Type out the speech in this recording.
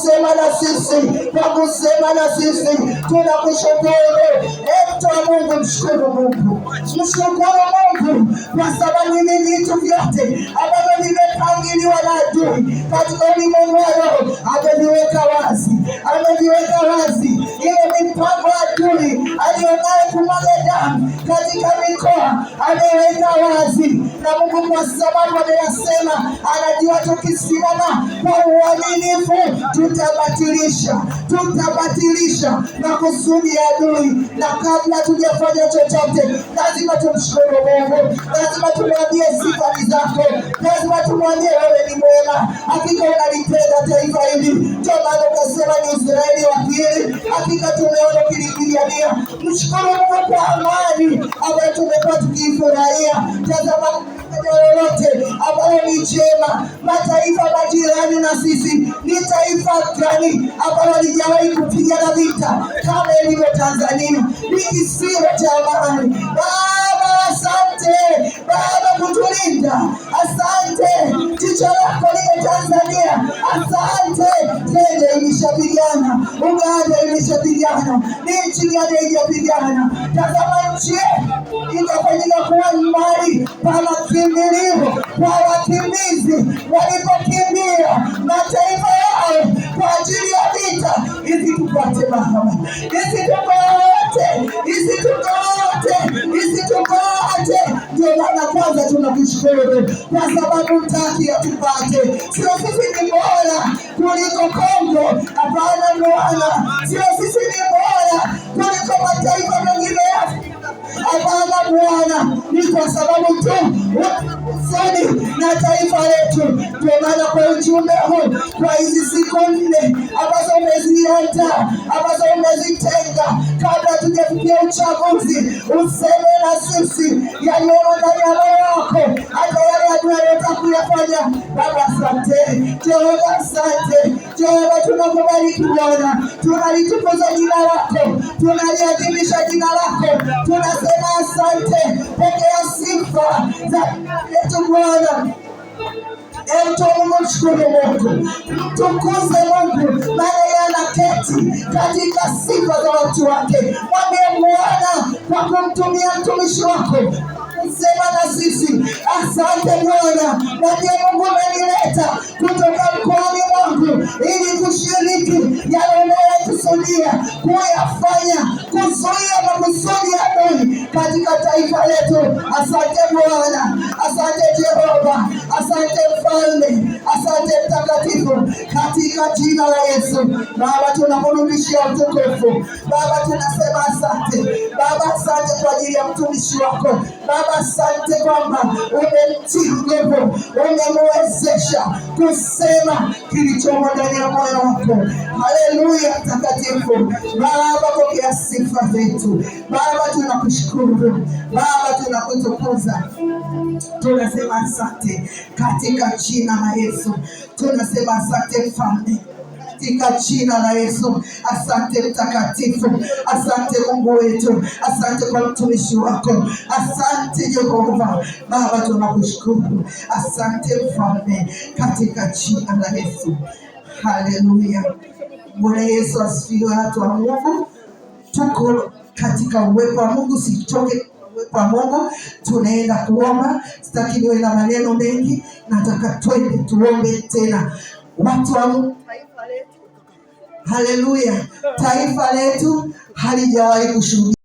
kusema na sisi, kwa kusema na sisi. Tunakushukuru mtu wa Mungu, mshukuru Mungu, mshukuru Mungu kwa sababu hivi vitu vyote ambavyo vimepangiliwa na adui katika ulimwengu wa roho ameviweka katika mikoa ameweka wazi na Mungu, kwa sababu ameyasema, anajua tukisimama kwa uaminifu tutabatilisha, tutabatilisha makusudi ya adui. Na kabla tujafanya chochote, lazima tumshukuru Mungu, lazima tumwambie sifa zako, lazima tumwambie wewe ni mwema, hakika unalipenda taifa hili. Ndio maana ukasema ni Israeli wa pili, hakika tumeona kilikiliania, Mshukuru Mungu kwa amani ambayo tumekuwa tukiifurahia. Tazama lolote ambayo ni jema, mataifa majirani na sisi, ni taifa gani ambalo halijawahi kupigana vita kama ilivyo Tanzania? Ni kisiwa cha amani. Baba, asante Baba kutulinda, asante jicho lako liko Tanzania, asante haijapigana, Uganda ilishapigana, ni nchi gani haijapigana? Tazama nchi itafanyika kuwa mali palatimilivu kwa wakimbizi walipokimbia mataifa yao kwa ajili ya vita. tupate mahama, isitupate, isitupate, isitupate ndio maana kwanza tunakushukuru kwa sababu mtaki atupate, sio sisi ni bora kuliko Kongo. Hapana Bwana, sio sisi ni bora kuliko mataifa mengine ya Hapana Bwana, ni kwa sababu tu wanakusani na taifa letu. Ndio maana kwa ujumbe huu, kwa hizi siku nne ambazo umeziata ambazo ume kabla tujafikia uchaguzi, useme na sisi yaliyomo ndani ya roho wako, hata yale hatuyaweza kuyafanya. Baba asante, Jehova asante, Jehova tunakubariki Bwana, tunalitukuza jina lako, tunaliadhimisha jina lako, tunasema asante. Pokea sifa za yetu Bwana tunamshukuru Mungu, mtukuze Mungu maana yeye anaketi katika sifa za watu wake. Mwambie Bwana kwa kumtumia mtumishi wako sema na sisi asante Bwana, najua Mungu umenileta kutoka mkoani mwangu ili kushiriki yale unayokusudia kuyafanya, kuzuia makusudi ya adui katika taifa letu. Asante Bwana, asante Jehova, asante Mfalme. Asante mtakatifu, katika jina la Yesu. Baba, tunakurudishia utukufu. Baba, tunasema Baba, asante kwa ajili ya mtumishi wako Baba, asante kwamba umemtii nguvu, umemwezesha kusema kilichomo ndani ya moyo wako. Haleluya, takatifu Baba, pokea sifa zetu Baba, tunakushukuru Baba, tunakutukuza tunasema asante katika jina la Yesu, tunasema asante mfalme katika jina la Yesu. Asante mtakatifu, asante Mungu wetu, asante kwa mtumishi wako, asante Jehova Baba, tunakushukuru, asante Mfalme, katika jina la Yesu. Haleluya, Bwana Yesu asifiwe. Watu wa Mungu, tuko katika uwepo wa Mungu, sitoke kwa Mungu tunaenda kuomba. Sitaki niwe na maneno mengi, nataka twende tuombe tena watu wa haleluya, taifa letu halijawahi kushuhudia